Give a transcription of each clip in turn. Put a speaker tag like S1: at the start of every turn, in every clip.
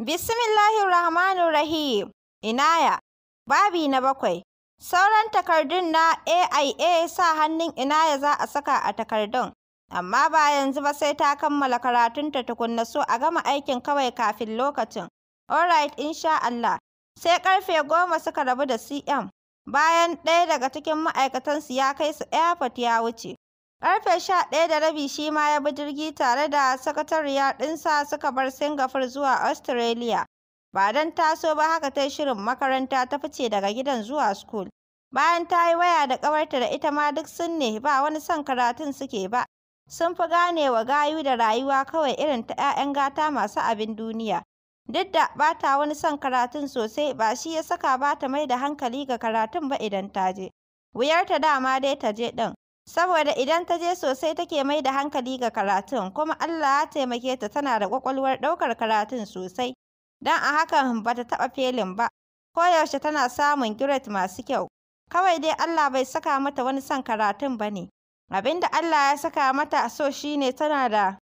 S1: Bismillahirrahmanirrahim. Inaya. Babi na bakwai. Sauran takardun na AIA sa hannun Inaya za a saka a takardun, amma ba yanzu ba sai ta kammala karatunta tukunna so a gama aikin kawai kafin lokacin. Alright, insha Allah. Sai karfe goma suka rabu da CM, bayan ɗaya daga cikin ma'aikatansu ya kai su airport ya wuce. karfe sha ɗaya da rabi shi ma ya bi jirgi tare da sakatariya ɗinsa suka bar Singapore zuwa Australia. Ba don taso ba haka ta shirin makaranta ta fice daga gidan zuwa school. Bayan ta yi waya da ƙawarta da ita ma duk sun ne ba wani son karatun suke ba. Sun fi gane wa gayu da rayuwa kawai irin ta 'ya'yan gata masu abin duniya. Duk da ba ta wani son karatun sosai ba shi ya saka ba ta mai da hankali ga karatun ba idan ta je. Wuyarta dama dai ta je ɗin. Saboda idan ta je sosai take mai da hankali ga karatun kuma Allah ya taimake ta tana da kwakwalwar ɗaukar karatun sosai, don a hakan ba ta taɓa felin ba, koyaushe tana samun giret masu kyau. Kawai dai Allah bai saka mata wani son karatun ba ne, abin da Allah ya saka mata so shine tana da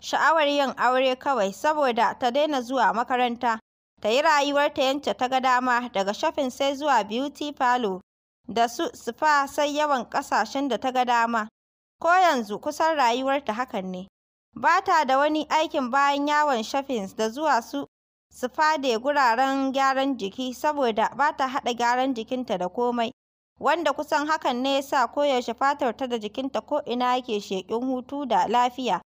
S1: sha'awar yin aure kawai saboda ta daina zuwa makaranta, ta yi rayuwarta yance ta ga dama daga shafin sai zuwa beauty parlor. da su sufa sai yawan ƙasashen da ta ga dama. Ko yanzu kusan rayuwarta hakan ne. Ba ta da wani aikin bayan yawon shafins da zuwa su sufa da guraren gyaran jiki saboda ba ta haɗa gyaran jikinta da komai. Wanda kusan hakan ne ya sa koyaushe ta da jikinta ko ina yake shekin hutu da lafiya,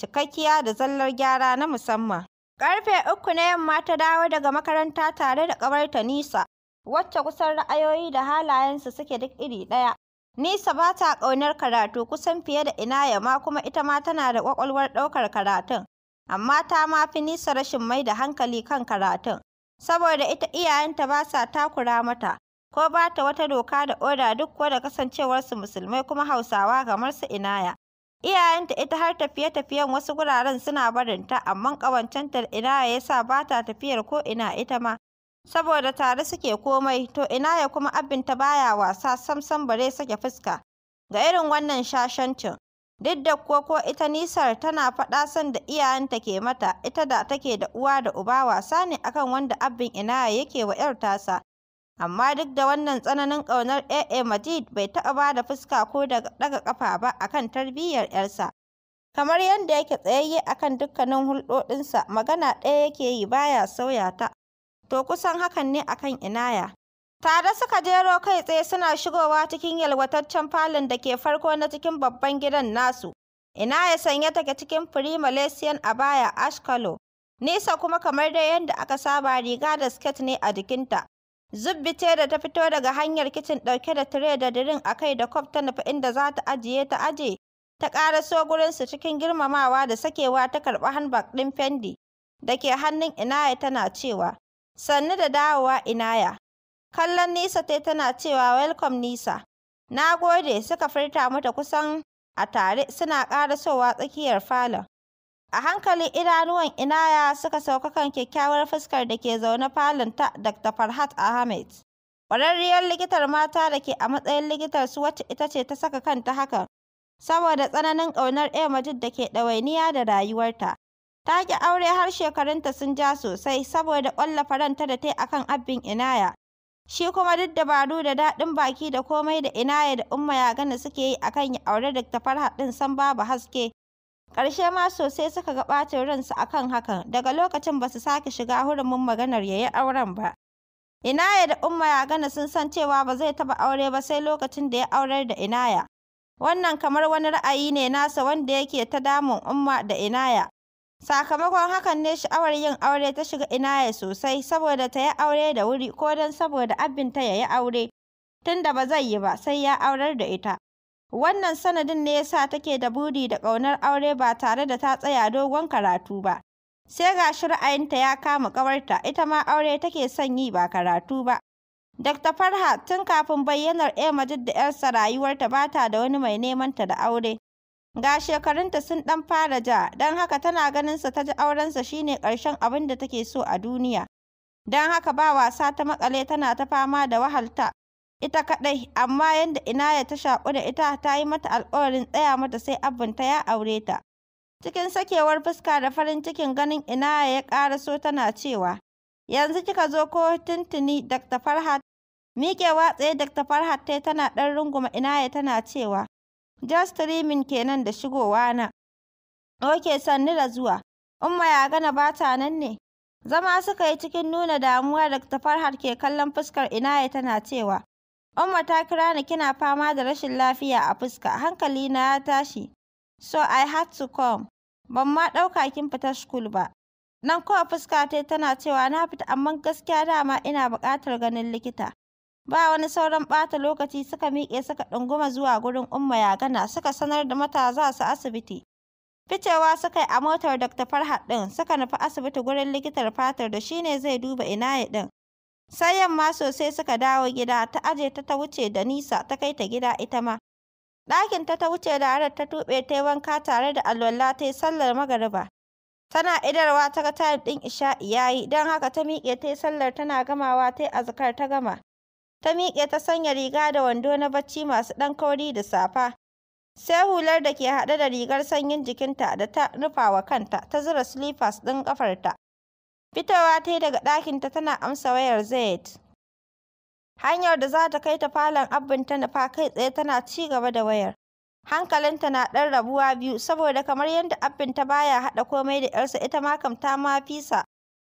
S1: cikakkiya da zallar gyara na musamman. Karfe uku na yamma ta dawo daga makaranta tare da ƙawarta Nisa. wacce kusan ra'ayoyi da halayensu suke duk iri ɗaya. Nisa ba ta ƙaunar karatu kusan fiye da Inaya ma kuma ita ma tana da ƙwaƙwalwar ɗaukar karatun, amma ta ma fi Nisa rashin mai da hankali kan karatun, saboda ita iyayenta ba sa takura mata, ko ba ta wata doka da oda duk ko da kasancewarsu musulmai kuma Hausawa kamar su Inaya. Iyayenta ita har tafiye-tafiyen wasu guraren suna barinta, amma ƙawancenta da Inaya ya sa ba ta tafiyar ko ina ita ma. saboda tare suke komai to ina ya kuma abinta baya wasa samsam bare sake fuska ga irin wannan shashancin duk da kuwa ko ita nisar tana faɗa son da iyayenta ke mata ita da take da uwa da uba wasa ne akan wanda abin ina yake wa 'yar tasa amma duk da wannan tsananin ƙaunar AA Majid bai taɓa ba da fuska ko daga ƙafa ba akan tarbiyyar 'yarsa. Kamar yadda yake tsayayye akan dukkanin hulɗoɗinsa, magana ɗaya yake yi baya sauya ta, to kusan hakan ne a kan Inaya. Tare suka jero kai tsaye suna shigowa cikin yalwataccen falon da ke farko na cikin babban gidan nasu. Inaya sanya take cikin Free Malaysian abaya baya Ashkalo? Nisa kuma kamar dai yadda aka saba riga da skirt ne a jikinta. Zubbi ce da ta fito daga hanyar kicin ɗauke da tire da dirin a kai da kwaf ta nufi inda za ta ajiye ta aje. Ta so gurinsu cikin girmamawa da sakewa ta karɓi hanbak ɗin Fendi da ke hannun Inaya tana cewa, sannu da dawowa inaya. Kallon Nisa tai tana cewa welcome Nisa. Na gode suka furta mata kusan a tare suna ƙara ƙarasowa tsakiyar falon. A hankali idanuwan inaya suka sauka kan kyakkyawar fuskar da ke zaune falon ta Dr. Farhat Ahmed. Ƙwararriyar likitar mata da ke a matsayin likitar su wacce ita ce ta saka kanta hakan. Saboda tsananin ƙaunar Emajid da ke ɗawainiya da rayuwarta. Ta ƙi aure har shekarunta sun ja sosai saboda ƙwallafa ranta da ta yi akan abin Inaya. Shi kuma duk dabaru da daɗin baki da komai da Inaya da Umma ya gana suke yi akan ya aure da ta farha ɗin san babu haske. Ƙarshe ma sosai suka ga ɓacin ransu akan hakan, daga lokacin ba su sake shiga hurumin maganar ya yi auren ba. Inaya da Umma ya gana sun san cewa ba zai taɓa aure ba sai lokacin da ya aurar da Inaya. Wannan kamar wani ra'ayi ne nasa wanda yake ta damun Umma da Inaya. Sakamakon hakan ne sha'awar yin aure ta shiga ina ya sosai saboda ta yi aure da wuri ko don saboda ta ya yi aure, tunda ba zai yi ba sai ya aurar da ita. Wannan sanadin ne ya sa take da buri da ƙaunar aure ba tare da ta tsaya dogon karatu ba. Sai ga shi ra'ayinta ya kama ƙawarta, ita ma aure take son yi ba karatu ba. Dr. Farha tun kafin bayyanar Emma da 'yarsa rayuwarta ba ta da wani mai neman ta da aure. Ga shekarunta sun ɗan fara ja, don haka tana ganinsa ta ji aurensa shine ƙarshen abin da take so a duniya. Don haka ba wasa ta maƙale tana ta fama da wahalta. Ita kaɗai, amma yadda Inaya ta shaƙu da ita ta yi mata alƙawarin tsaya mata sai ta ya aure ta. Cikin sakewar fuska da farin cikin ganin Inaya ya so tana cewa, yanzu kika zo ko tuntuni Dr. Farhat. Miƙewa tsaye Dr. Farhat tana ɗan runguma Inaya tana cewa, Just streaming kenan da shigowa na. Oke sannu da zuwa. Umma ya gana ba ta nan ne. Zama suka yi cikin nuna damuwa da ta farhar ke kallon fuskar Inaya tana cewa, Umma ta kira ni kina fama da rashin lafiya a fuska, hankali na ya tashi. So I had to come. Ban ma ɗauka kin fita school ba. Nan kowa fuska ta tana cewa na fita amma gaskiya dama ina buƙatar ganin likita. Ba wani sauran ɓata lokaci suka miƙe suka ɗunguma zuwa gurin Umma ya gana, suka sanar da matasa su asibiti. Ficewa suka yi a motar Dr. Farhat ɗin suka nufi asibiti gurin likitar fatar da shine zai duba ina ya ɗin. Sai yamma sosai suka dawo gida ta aje ta ta wuce da nisa ta kai ta gida ita ma. Ɗakin ta ta wuce da harar ta tuɓe ta yi wanka tare da alwala ta yi sallar magariba. Tana idarwa ta ga tayar ɗin isha'i yayi don haka ta miƙe ta yi sallar tana gamawa ta yi azkar ta gama. ta miƙe ta sanya riga da wando na bacci masu ɗan kauri da safa sai hular da ke haɗe da rigar sanyin jikinta da ta rufa wa kanta ta zura silifas ɗin ƙafarta fitowa ta yi daga ɗakinta tana amsa wayar Zaid. hanyar da za ta kai ta falon abin ta nufa kai tsaye tana ci gaba da wayar hankalinta na ɗan rabuwa biyu saboda kamar yadda abin ta baya haɗa komai da 'yarsa ita ma kamta ma fisa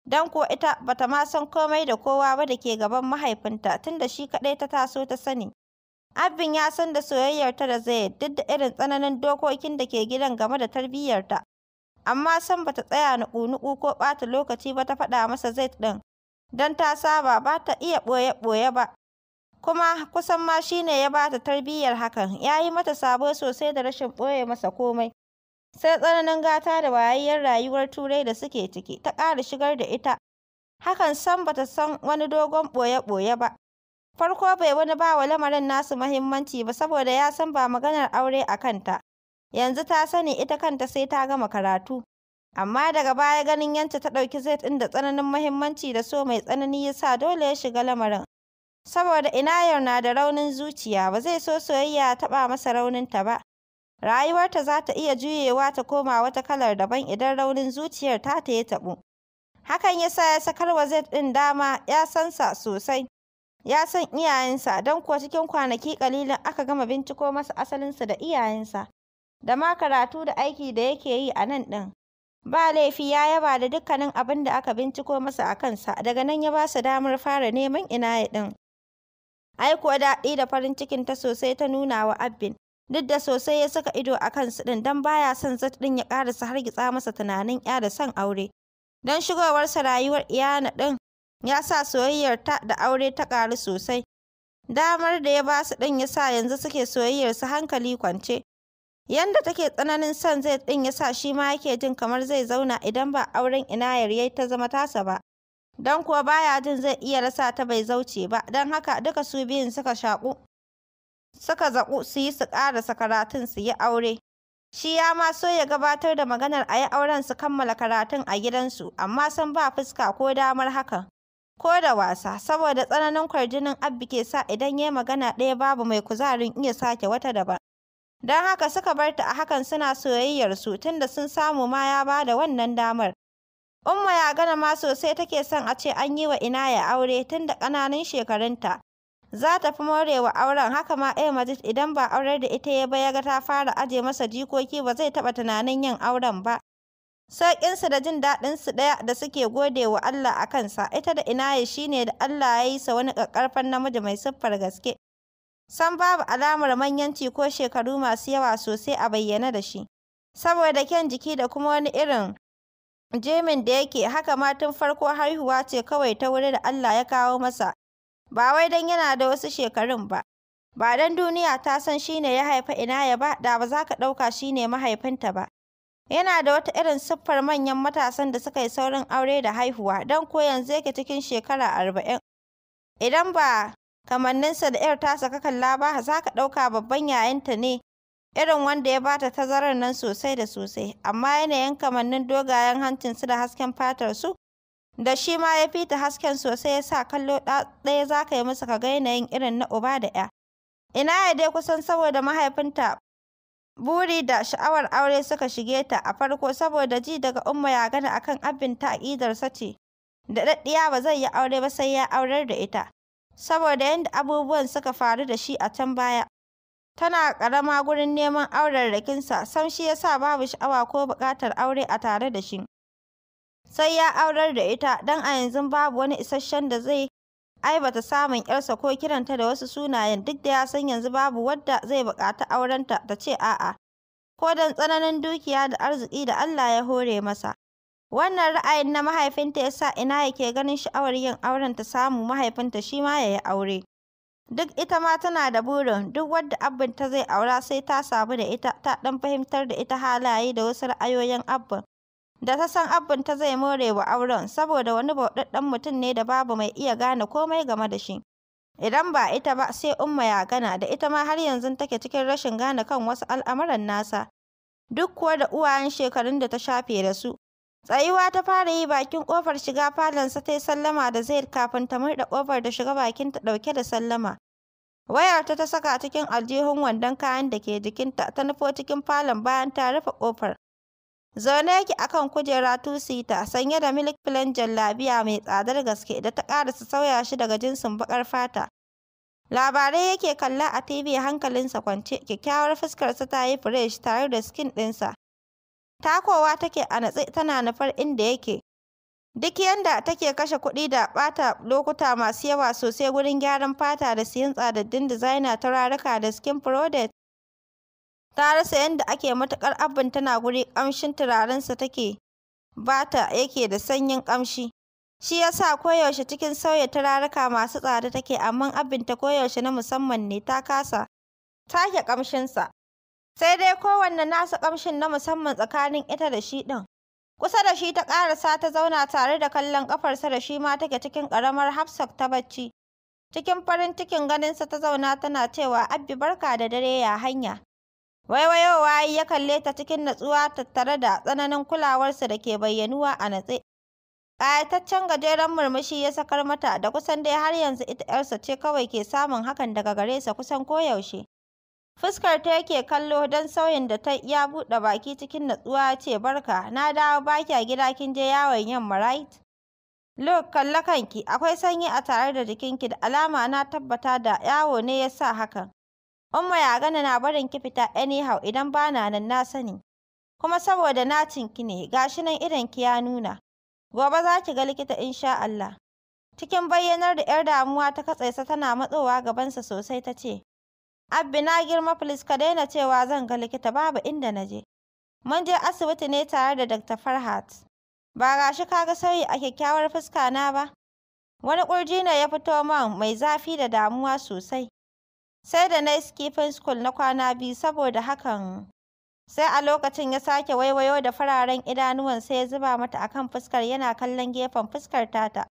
S1: don ko ita bata ma san komai da kowa ba da ke gaban mahaifinta tun da shi kaɗai ta taso ta sani. Abin ya san da soyayyarta da zai duk da irin tsananin dokokin da ke gidan game da tarbiyyarta. Amma san bata tsaya nuku-nuku ko ɓata lokaci ba ta faɗa masa zait ɗin, don ta saba ba ta iya ɓoye-ɓoye ba. Kuma kusan ma shi ne ya ba ta tarbiyyar hakan, ya yi mata sabo sosai da rashin ɓoye masa komai. sai tsananin gata da wayayyar rayuwar turai da suke ciki ta ƙara shigar da ita hakan san bata san wani dogon ɓoye-ɓoye ba farko bai wani ba wa lamarin nasu mahimmanci ba saboda ya san ba maganar aure a kanta yanzu ta sani ita kanta sai ta gama karatu amma daga baya ganin yanta ta ɗauki zai ɗin da tsananin mahimmanci da so mai tsanani ya sa dole ya shiga lamarin saboda ina yau na da raunin zuciya ba zai so soyayya taɓa masa raunin ta ba Rayuwarta za ta iya juyewa ta koma wata kalar daban idan raunin zuciyar ta ta ya taɓu. Hakan ya sa ya sakar wa Zaid ɗin dama ya san sa sosai. Ya san iyayensa don kuwa cikin kwanaki ƙalilin aka gama binciko masa asalinsa da iyayensa. Da ma karatu da aiki da yake yi a nan ɗin. Ba laifi ya yaba da dukkanin abin da aka binciko masa a kansa, daga nan ya ba su damar fara neman ina ya ɗin. Ai kuwa daɗi da farin cikinta sosai ta nuna wa Abin, duk da sosai ya saka ido a su ɗin don baya son zat ɗin ya ƙarasa hargitsa masa tunanin ya da son aure don shigowarsa rayuwar iyana ɗin ya sa soyayyar ta da aure ta ƙaru sosai damar da ya ba su ɗin ya sa yanzu suke soyayyar su hankali kwance yanda take tsananin son zai ɗin ya sa shi ma yake jin kamar zai zauna idan ba auren inayar yayi ta zama tasa ba don kuwa baya jin zai iya rasa ta bai zauce ba don haka duka su biyun suka shaƙu suka zaƙu su yi su ƙarasa karatun su yi aure. Shi ya ma so ya gabatar da maganar a yi auren su kammala karatun a gidansu, amma san ba fuska ko damar hakan. Ko da wasa, saboda tsananin kwarjinin Abbi ke sa idan ya magana ɗaya babu mai kuzarin iya sake wata daban. Don haka suka bar ta a hakan suna soyayyarsu tunda sun samu ma ya ba da wannan damar. Umma ya gana ma sosai take son a ce an yi wa Ina ya aure tun da ƙananan shekarunta. za ta fi morewa auren. Haka ma ɗaya Majid idan ba aurar da ita ya ba ga ta fara aje masa jikoki ba zai taba tunanin yin auren ba. Sauƙinsu da jin daɗin su ɗaya da suke gode wa Allah a kansa, ita da ina shi ne da Allah ya yi sa wani ƙaƙƙarfan namiji mai siffar gaske. San babu alamar manyanci ko shekaru masu yawa sosai a bayyane da shi. Saboda kyan jiki da kuma wani irin jemin da yake haka ma tun farko haihuwa ce kawai ta wuri da Allah ya kawo masa. ba wai don yana da wasu shekarun ba ba don duniya ta san shi ne ya haifa ya ba da ba za ka ɗauka shi ne mahaifinta ba yana da wata irin siffar manyan matasan da suka yi saurin aure da haihuwa don ko yanzu yake cikin shekara arba'in idan ba kamanninsa da 'yar tasa ka kalla ba za ka ɗauka babban yayanta ne irin wanda ya bata tazarar nan sosai da sosai amma yanayin kamannin dogayen hancinsu da hasken fatar su. da shi ma ya fita hasken sosai ya sa kallo ɗaya za ka yi masa ka ga yanayin irin na uba da ya ina ya dai kusan saboda mahaifinta buri da sha'awar aure suka shige ta a farko saboda ji daga umma ya gana akan abin ta sa ce da daddiya ba zai yi aure ba sai ya aurar da ita saboda yadda abubuwan suka faru da shi a can baya tana ƙarama gurin neman auren rakinsa sam shi ya sa babu sha'awa ko buƙatar aure a tare da shi sai ya aurar da ita don a yanzu babu wani isasshen da zai aibata samun yarsa ko kiranta da wasu sunayen duk da ya san yanzu babu wadda zai bukata aurenta ta ce a'a ko don tsananin dukiya da arziki da Allah ya hore masa wannan ra'ayin na mahaifinta ya sa ina yake ganin sha'awar yin auren ta samu mahaifinta shi ma ya aure duk ita ma tana da burin duk wadda abin ta zai aura sai ta samu da ita ta dan fahimtar da ita halaye da wasu ra'ayoyin abin da ta san abin ta zai more wa auren saboda wani bauɗaɗɗen mutum ne da babu mai iya gane komai game da shi. Idan ba ita ba sai Umma ya gana da ita ma har yanzu take cikin rashin gane kan wasu al'amuran nasa. Duk kuwa da uwayen shekarun da ta shafe da su. Tsayuwa ta fara yi bakin kofar shiga falonsa ta yi sallama da zai kafin ta murɗa ƙofar da shiga bakin ta ɗauke da sallama. Wayarta ta saka cikin aljihun wandon kayan da ke jikinta ta nufo cikin falon bayan ta rufe ƙofar. Zaune yake akan kujera tusita sanye da milk plain jallabiya mai tsadar gaske da ta ƙarasa sauya shi daga jinsin bakar fata. Labarai yake kalla a TV hankalinsa kwance, kyakkyawar fuskarsa ta yi fresh tare da skin ɗinsa. Takowa take a natse tana nufar inda yake. Duk yanda take kashe kuɗi da ɓata lokuta masu yawa sosai wurin gyaran fata da siyan tsadaddun designer turaruka da skin product, ta rasa yadda ake matuƙar abin tana guri ƙamshin turarensa take bata yake da sanyin ƙamshi shi ya sa koyaushe cikin sauya turaruka masu tsada take amma abin ta koyaushe na musamman ne ta kasa take ƙamshinsa sai dai kowanne nasa ƙamshin na musamman tsakanin ita da shi ɗin kusa da shi ta ƙarasa ta zauna tare da kallon ƙafarsa da shi ma take cikin ƙaramar hafsak ta bacci cikin farin cikin ganinsa ta zauna tana cewa abbi barka da dare ya hanya Waiwayowa ya kalle ta cikin natsuwa tattare da tsananin kulawarsa da ke bayyanuwa a natse. Ƙayataccen gajeren murmushi ya sakar mata da kusan dai har yanzu ita ‘yarsa ce kawai ke samun hakan daga gare sa kusan koyaushe. Fuskar ta yake kallo don sauyin da ta ya buɗe baki cikin natsuwa ce barka na dawo ba kya gida kin je yawon yamma right? Look kalle kanki akwai sanyi a tare da jikinki da alama na tabbata da yawo ne ya sa hakan. Umma ya gana na barin ki fita anyhow idan ba na nan na sani. Kuma saboda na ki ne, gashi nan idan ki ya nuna. Gobe za ki ga likita insha Allah. Cikin bayyanar da 'yar damuwa ta katsaisa tana matsowa gabansa sosai ta ce, Abbi na girma please ka daina cewa zan ga likita babu inda na je. Mun je asibiti ne tare da Dr. Farhat. Ba gashi ka ga sauyi a kyakkyawar fuska na ba. Wani ƙurji ne ya fito man mai zafi da damuwa sosai. Sai da na skifin skipping school na kwana biyu saboda hakan. Sai a lokacin ya sake waiwayo da fararen idanuwan sai ya zuba mata a kan fuskar yana kallon gefen fuskar tata.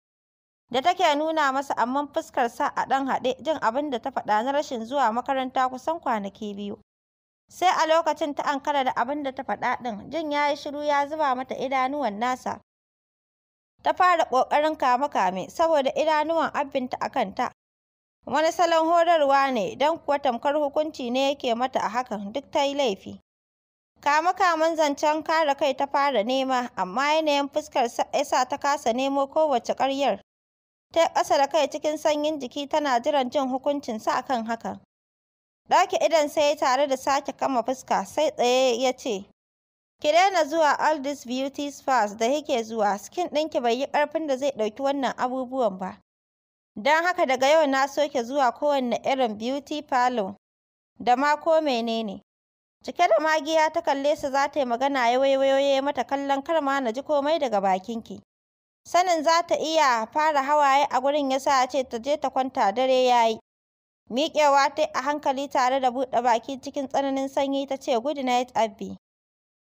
S1: Da take nuna masa amma fuskar sa a ɗan haɗe jin abin da ta faɗa na rashin zuwa makaranta kusan kwanaki biyu. Sai a lokacin ta ankara da abin da ta faɗa ɗin jin ya yi shiru ya zuba mata idanuwan nasa. Ta fara ƙoƙarin kame-kame saboda idanuwan abinta a kanta wani salon horarwa ne don kuwa tamkar hukunci ne yake mata a hakan duk ta yi laifi kama-kaman zancen kare kai ta fara nema amma yanayin fuskar sa ta kasa nemo kowace karyar. ta ƙasa da kai cikin sanyin jiki tana jiran jin hukuncin sa kan hakan ɗaki idan sai tare da sake kama fuska sai tsaye ya ce ki daina zuwa all these beauty spas da yake zuwa skin ɗinki bai yi ƙarfin da zai ɗauki wannan abubuwan ba Don haka daga yau na soke zuwa kowanne irin beauty parlor da ma ko menene. Cike da magiya ta kalle su za ta yi magana ya waiwayo mata kallon kar ma na ji komai daga bakinki. Sanin za ta iya fara hawaye a gurin ya sa ce ta je ta kwanta dare ya yi. Miƙewa ta a hankali tare da buɗe baki cikin tsananin sanyi ta ce good night Abby.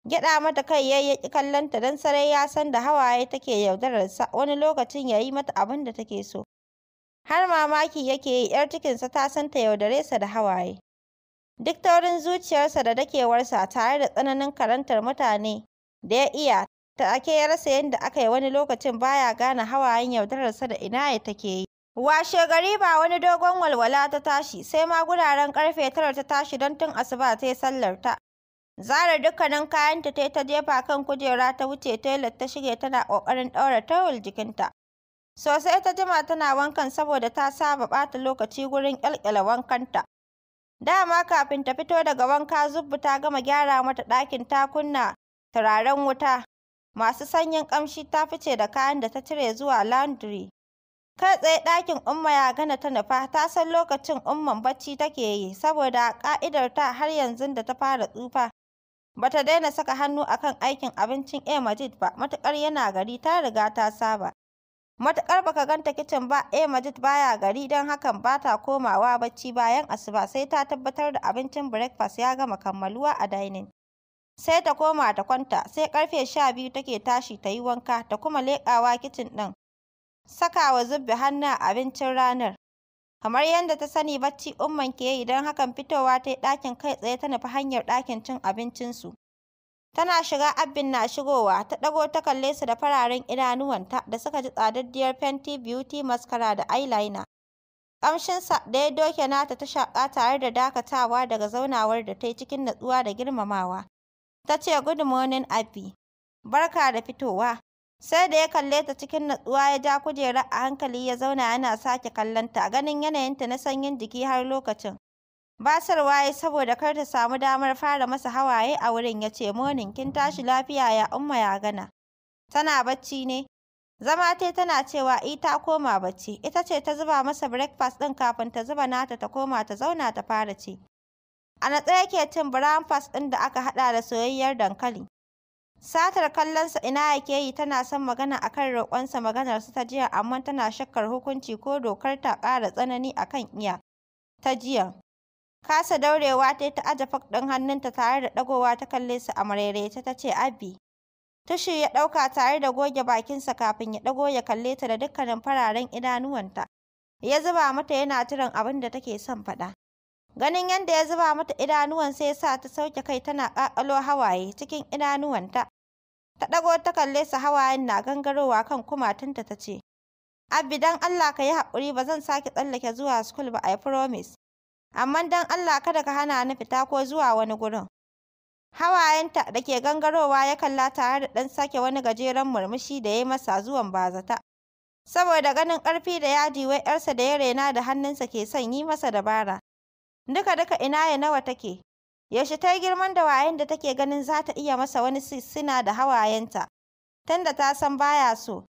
S1: Gyaɗa mata kai ya yi kallonta don sarai ya san da hawaye take yaudararsa wani lokacin ya yi mata abin da take so. har mamaki yake yi ‘yar cikinsa ta san ta yaudare sa da hawaye. Duk taurin zuciyarsa da dakewarsa tare da tsananin karantar mutane da ya iya, ta ake ya rasa yadda aka yi wani lokacin baya gane hawayen yaudararsa da ina ya take yi. Washe gari ba wani dogon walwala ta tashi, sai ma guraren karfe tara ta tashi don tun asuba ta yi sallar ta. Zara dukkanin kayanta ta ta jefa kan kujera ta wuce toilet ta shige tana ƙoƙarin ɗaura tawul jikinta. Sosai ta jima tana wankan saboda ta saba ɓata lokaci gurin ƙyalƙyala wankanta. Dama kafin ta fito daga wanka Zubbu ta gama gyara mata ɗakin ta kunna turaren wuta. Masu sanyin ƙamshi ta fice da kayan da ta cire zuwa laundry. Kai tsaye ɗakin Umma ya gana ta nufa ta san lokacin Umman bacci take yi saboda ƙa'idar ta har yanzu da ta fara tsufa. Bata daina saka hannu akan aikin abincin A ba matuƙar yana gari ta riga ta saba. Matuƙar baka ganta kicin ba, eh Majid baya gari don hakan ba ta komawa bacci bayan asuba sai ta tabbatar da abincin breakfast ya gama kammaluwa a dining. Sai ta koma ta kwanta, sai ƙarfe sha biyu take tashi ta yi wanka ta kuma leƙawa kicin ɗin. Sakawa zubbe hannu a abincin ranar. Kamar yadda ta sani bacci umman ke yi don hakan fitowa ta yi ɗakin kai tsaye ta nufi hanyar ɗakin cin abincinsu. Tana shiga Abin na shigowa, ta ɗago ta kalle su da fararen idanuwanta da suka ji tsadaddiyar fenti beauty maskara da eyeliner. Ƙamshinsa da ya doke nata ta shaƙa tare da dakatawa daga zaunawar da ta yi cikin natsuwa da girmamawa. Ta ce good morning Abby, barka da fitowa. Sai da ya kalle ta cikin natsuwa ya ja kujera a hankali ya zauna yana sake kallonta ganin yanayinta na sanyin jiki har lokacin. basarwa ya saboda kar ta samu damar fara masa hawaye a wurin ya ce monin kin tashi lafiya ya umma ya gana tana bacci ne zama te tana cewa ita koma bacci ita ce ta zuba masa breakfast ɗin kafin ta zuba nata ta koma ta zauna ta fara ci a natsa yake cin breakfast ɗin da aka haɗa da soyayyar dankali satar kallonsa ina yake yi tana son magana akan roƙonsa maganar su ta jiya amma tana shakkar hukunci ko dokar ta ƙara tsanani akan iya ta jiya Kasa daurewa ta ta aje fak ɗin hannunta tare da ɗagowa ta kalle su a marerece ta ce Abi. Tushi ya ɗauka tare da goge bakinsa kafin ya ɗago ya kalle ta da dukkanin fararen idanuwanta. Ya zuba mata yana tiran abin da take son faɗa. Ganin yadda ya zuba mata idanuwan sai sa ta sauke kai tana ƙaƙalo hawaye cikin idanuwanta. Ta ɗago ta kalle su hawayen na gangarowa kan kumatunta ta ce, Abbi don Allah ka yi haƙuri ba zan sake tsallake zuwa school ba I promise. amma don Allah kada ka hana ni fita ko zuwa wani gurin. Hawayenta da ke gangarowa ya kalla tare da ɗan sake wani gajeren murmushi da ya masa zuwan bazata. Saboda ganin ƙarfi da yaji wai ‘yarsa da ya rena da hannunsa ke son yi masa dabara. Duka duka ina ya nawa take, yaushe ta yi girman da wayen da take ganin za ta iya masa wani sissina da hawayenta, tunda ta san baya so.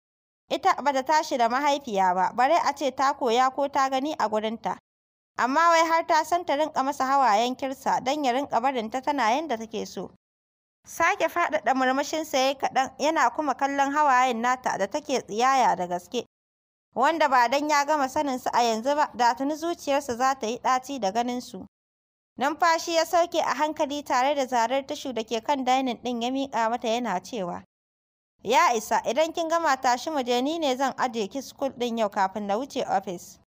S1: Ita ba ta tashi da mahaifiya ba, bare a ce ta koya ko ta gani a gurinta. amma wai har ta san ta rinka masa hawayen kirsa don ya rinka barin ta tana yadda take so. Sake faɗaɗa sa yayi kaɗan yana kuma kallon hawayen nata da take tsiyaya da gaske. Wanda ba dan ya gama sanin saninsu a yanzu ba, da tuni zuciyarsa za ta yi ɗaci da ganin su Numfashi ya sauke a hankali tare da zarar tashu da ke kan dainin ɗin ya miƙa mata yana cewa, Ya isa, idan kin gama tashi mu je ni ne zan ajiye ki sukul ɗin yau kafin na wuce ofis.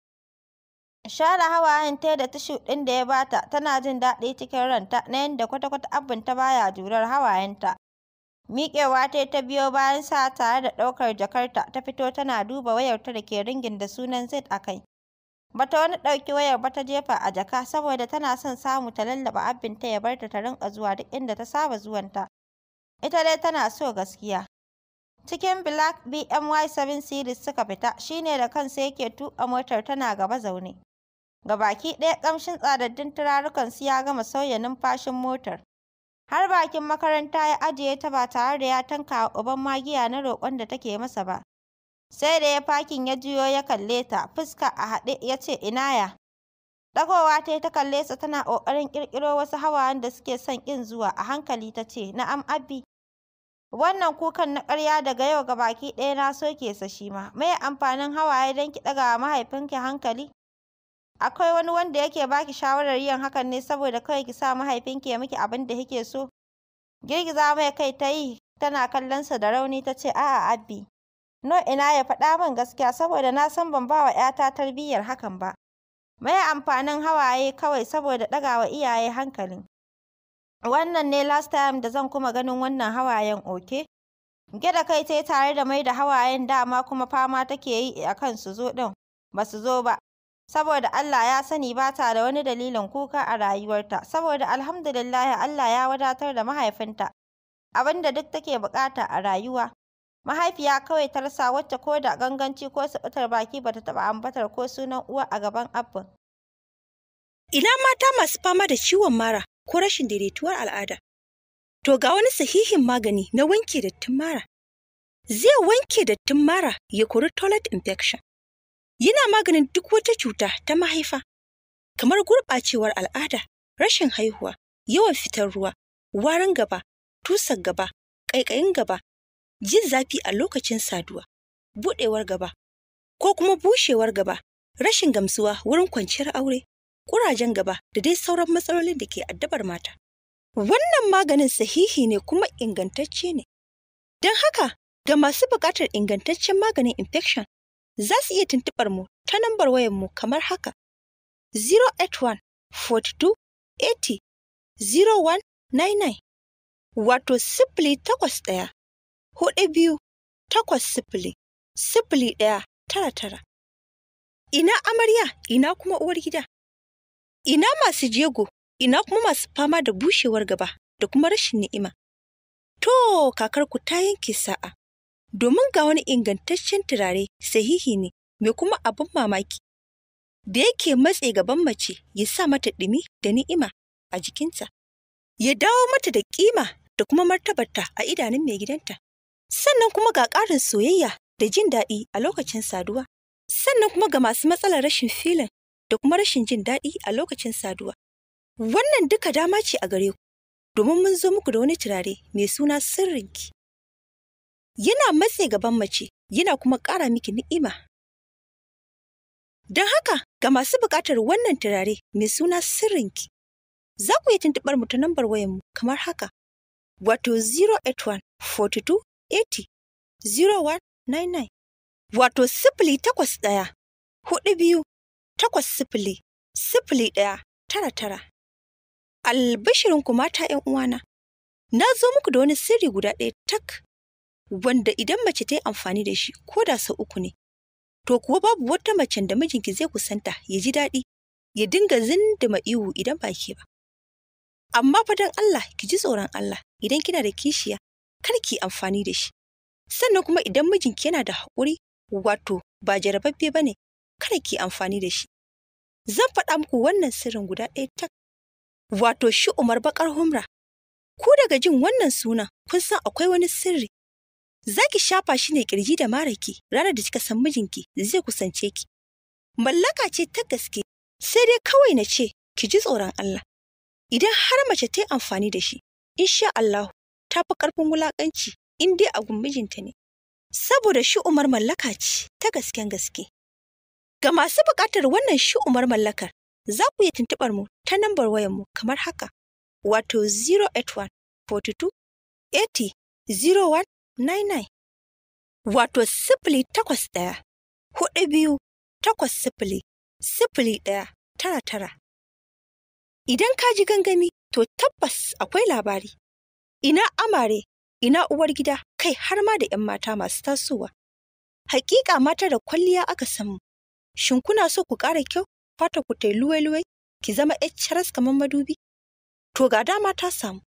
S1: Share hawayen ta da tishu ɗin da ya bata tana jin daɗi cikin ranta na yadda kwata-kwata abinta ba ya jurar hawayenta. Miƙewa ta ta biyo bayan sa tare da ɗaukar jakarta ta fito tana duba wayar ta da ke ringin da sunan Zaid a kai. Bata wani ɗauki wayar ba ta jefa a jaka saboda tana son samu ta lallaba abinta ya bar ta ta rinƙa zuwa duk inda ta saba zuwanta. Ita dai tana so gaskiya. Cikin Black BMY 7 Series suka fita, shine da kansa yake tuƙa motar tana gaba zaune. Ga baki ɗaya ƙamshin tsadaddun su ya gama sauya numfashin motar. Har bakin makaranta ya ajiye ta ba tare da ya tanka wa uban magiya na roƙon da take masa ba. Sai da ya fakin ya juyo ya kalle ta, fuska a haɗe ya ce inaya. Ɗagowa ta yi ta kalle sa tana ƙoƙarin ƙirƙiro wasu hawayen da suke son ƙin zuwa a hankali ta ce na'am abbi. Wannan kukan na ƙarya daga yau ga baki ɗaya na soke sa shi ma, me amfanin hawaye don ki ɗaga wa mahaifinki hankali? Akwai wani wanda yake baki shawarar yin hakan ne saboda kawai ki sa mahaifinki ya miki abin da yake so? Girgiza mai kai ta yi, tana kallon sa da rauni ta ce, A'a, Abbi. No ina ya faɗa min gaskiya saboda na san ban ba wa ‘yata tarbiyyar hakan ba. Mai amfanin hawaye kawai saboda ɗaga wa iyaye hankalin. Wannan ne last time da zan kuma ganin wannan hawayen oke? Gida kai tai tare da mai da hawayen dama kuma fama take yi a kan su zo ɗin, ba su zo ba. saboda Allah ya sani ba ta da wani dalilin kuka a rayuwarta saboda alhamdulillah Allah ya wadatar da mahaifinta abinda da duk take bukata a rayuwa mahaifiya kawai ta rasa wacce ko da ganganci ko subutar baki ba ta taba ambatar ko sunan uwa a gaban abin
S2: ina mata masu fama da ciwon mara ko rashin daidaituwar al'ada to ga wani sahihin magani na wanke dattin mara zai wanke dattin mara ya kuri toilet infection yana maganin duk wata cuta ta mahaifa kamar gurɓacewar al'ada rashin haihuwa yawan fitar ruwa warin gaba tusar gaba ƙaiƙayin gaba jin zafi a lokacin saduwa buɗewar gaba ko kuma bushewar gaba rashin gamsuwa wurin kwanciyar aure ƙurajen gaba da dai sauran matsalolin da ke addabar mata wannan maganin sahihi ne kuma ingantacce ne don haka ga masu buƙatar ingantaccen maganin infection za su iya tuntuɓar mu ta nambar wayan mu kamar haka 081 42 80 0199 wato sifili takwas ɗaya hudu biyu takwas sifili sifili ɗaya tara tara ina amarya ina kuma uwar gida ina masu jego ina kuma masu fama da bushewar gaba da kuma rashin ni'ima to kakarku ta yanke sa'a domin ga wani ingantaccen turare sahihi ne mai kuma abin mamaki da yake matse gaban mace ya sa mata ɗumi da ni'ima a jikinta ya dawo mata da ƙima da kuma martabarta a idanun mai gidanta sannan kuma ga ƙarin soyayya da jin daɗi a lokacin saduwa sannan kuma ga masu matsalar rashin filin da kuma rashin jin daɗi a lokacin saduwa wannan duka dama ce a gare ku domin mun zo muku da wani turare mai suna sirrinki yana matse gaban mace yana kuma ƙara miki ni'ima. Don haka ga masu buƙatar wannan turare mai suna sirrinki, za ku yi tuntuɓar mu ta nambar wayanmu kamar haka, wato 081 4280 0199 wato sifili takwas ɗaya, hudu biyu, takwas sifili, sifili ɗaya, tara tara. Albishirinku mata ‘yan uwana, na zo muku da wani sirri guda ɗaya tak wanda idan mace ta yi amfani da shi ko da sau uku ne, to kuwa babu wata mace da mijinki zai kusanta ya ji daɗi ya dinga zindima ihu idan ba ke ba. Amma fadan Allah ki ji tsoron Allah idan kina da kishiya kar ki amfani da shi. Sannan kuma idan mijinki yana da haƙuri wato ba jarababbe ba ne kar ki amfani da shi. Zan faɗa muku wannan sirrin guda ɗaya tak. Wato shi Umar Bakar Humra. Ku daga jin wannan suna kun san akwai wani sirri za ki shafa shi ne kirji da maraki ranar da kika san mijinki zai kusance ki. Mallaka ce ta gaske, sai dai kawai na ce ki ji tsoron Allah. Idan har mace ta yi amfani da shi, insha Allah ta fi ƙarfin wulaƙanci in dai a gun mijinta ne. Saboda shi umar mallaka ce ta gasken gaske. Ga masu buƙatar wannan shi umar mallakar, za ku iya tuntuɓar mu ta nambar wayanmu kamar haka, wato 081 42 80 01 99 wato sifili takwas ɗaya hudu biyu takwas sifili sifili ɗaya tara tara. Idan ka ji gangami to tabbas akwai labari. Ina amare, ina uwar gida kai har ma da ‘yan mata masu tasowa. Hakika mata da kwalliya aka samu. Shin kuna so ku ƙara kyau, fata ku ta luwai-luwai, ki zama ‘yar kamar madubi? To ga dama ta samu.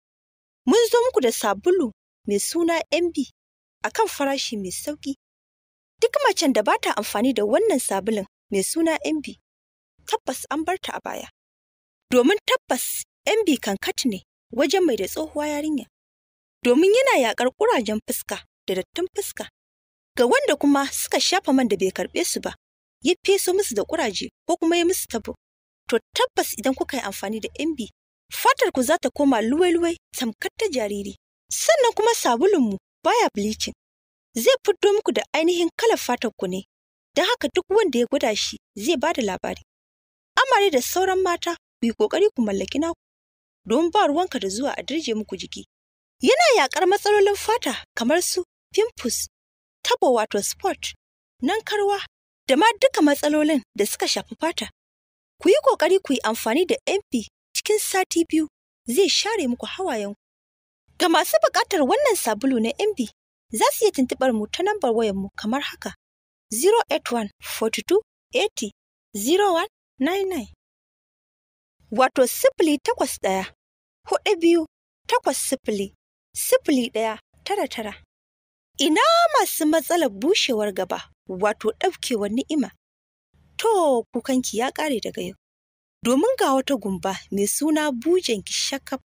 S2: Mun zo muku da sabulu mai suna 'yan MB akan farashi mai sauki Duk macen da ba ta amfani da wannan sabulin mai suna MB, tabbas an bar ta a baya. Domin tabbas MB kat ne wajen mai da tsohuwa yarinya. Domin yana yaƙar ƙurajen fuska da dattin fuska. Ga wanda kuma suka shafa man da bai karɓe su ba, ya feso musu da ƙuraje ko kuma ya musu tabo. To tabbas idan kuka yi amfani da MB, fatar ku za ta koma luwai-luwai tamkar ta jariri. Sannan kuma sabulunmu baya bilicin. zai fito muku da ainihin kalar fatan ku ne don haka duk wanda ya gwada shi zai ba da labari amare da sauran mata ku yi kokari ku mallaki naku don ba ruwanka da zuwa a dirje muku jiki yana yaƙar matsalolin fata kamar su pimples tabo wato spot nankarwa da ma duka matsalolin da suka shafi fata ku yi kokari ku yi amfani da mp cikin sati biyu zai share muku hawayenku. Ga masu buƙatar wannan sabulu na MB za su iya tuntuɓar mu ta nambar wayarmu kamar haka 081 42 80 wato sifili takwas ɗaya hudu biyu takwas sifili sifili ɗaya tara tara. Ina masu matsalar bushewar gaba wato ɗaukewar ni'ima. To kukanki ya ƙare daga yau. Domin ga wata gumba mai suna bujen ki shakaf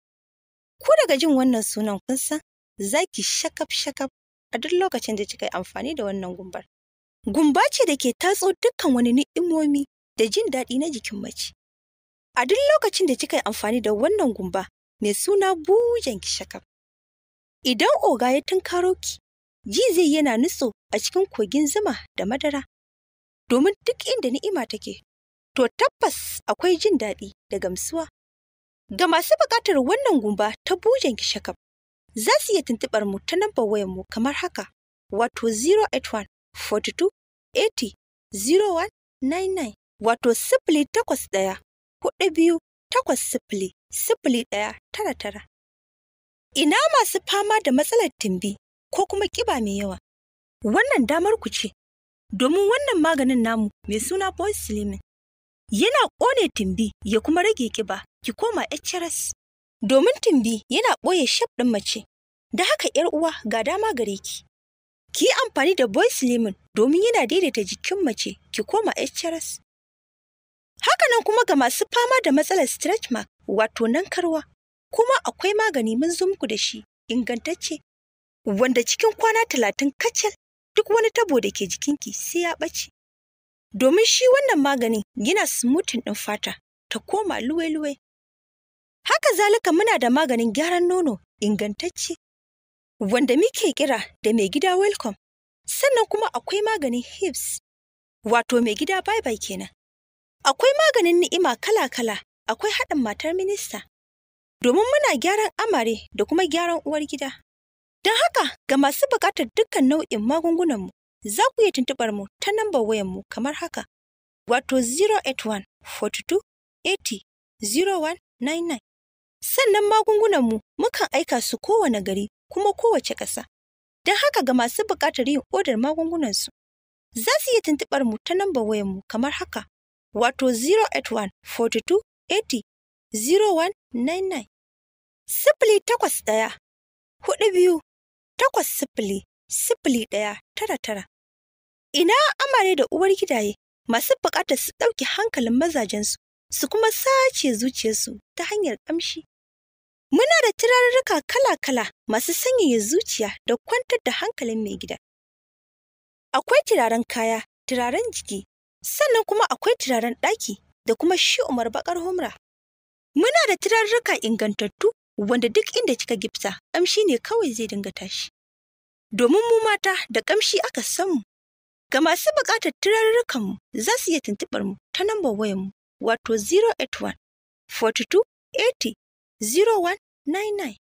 S2: Ku daga jin wannan sunan kun san zaki ki shakaf-shakaf a duk lokacin da kika yi amfani da wannan gumbar. Gumba ce da ke tatso dukkan wani ni'imomi da jin daɗi na jikin mace. A duk lokacin da kika yi amfani da wannan gumba mai suna bujen ki shakaf. Idan oga ya tunkaro ki, ji zai yana nutso a cikin kogin zuma da madara. Domin duk inda ni'ima take, to tabbas akwai jin daɗi da gamsuwa Ga masu buƙatar wannan gumba ta bujen gishakaf, za su iya tuntuɓar mu ta nambar wayanmu mu kamar haka, wato 081 42 80 0199 wato sifili takwas ɗaya kuɗi biyu takwas ɗaya tara tara. Ina masu fama da matsalar timbi ko kuma ƙiba mai yawa, wannan damar ku ce, domin wannan maganin namu mai suna Boy Slimming. yana ƙone tumbi ya kuma rage ƙiba ki koma HRS. Domin tumbi yana ɓoye shaf ɗin mace, da haka ‘yar uwa ga dama gare ki. Ki yi amfani da boys lemon domin yana daidaita jikin mace ki koma HRS. Hakanan kuma ga masu fama da matsalar stretch mark wato nan karwa, kuma akwai magani mun zumku da shi ingantacce, wanda cikin kwana talatin kacal duk wani tabo da ke jikinki sai ya ɓace. Domin shi wannan magani gina smoothing ɗin fata ta koma luwe-luwe. Haka zalika muna da maganin gyaran nono ingantacce wanda muke kira da mai gida welcome. Sannan kuma akwai maganin hips wato mai gida bye-bye kenan. Akwai maganin ni'ima kala-kala akwai haɗin matar minista domin muna gyaran amare da kuma gyaran uwar gida. Don haka ga masu buƙatar dukkan nau'in magungunanmu za ku iya tuntuɓar mu ta nambar mu kamar haka, wato 081 42 80 0199. Sannan magungunanmu mukan aika su kowane gari kuma kowace ƙasa. Don haka ga masu buƙatar yin odar magungunansu, za su iya tuntuɓar mu ta nambar mu kamar haka, wato 081 42 80 0199. Sifili takwas ɗaya, hudu biyu, takwas sifili. sifili ɗaya tara tara. Ina amare da uwar gidaye masu buƙatar su ɗauki hankalin mazajensu su kuma sace zuciyarsu ta hanyar ƙamshi. Muna da turarruka kala-kala masu sanyaya zuciya da kwantar da hankalin mai gida. Akwai turaren kaya, turaren jiki, sannan kuma akwai turaren ɗaki da kuma shi umar baƙar humra. Muna da turarruka ingantattu wanda duk inda kika gifta ƙamshi ne kawai zai dinga tashi. domin mu mata da ƙamshi aka samu. Ga masu buƙatar turarrukanmu za su iya tuntuɓar mu ta nambar wayanmu wato 081 42 80 0199.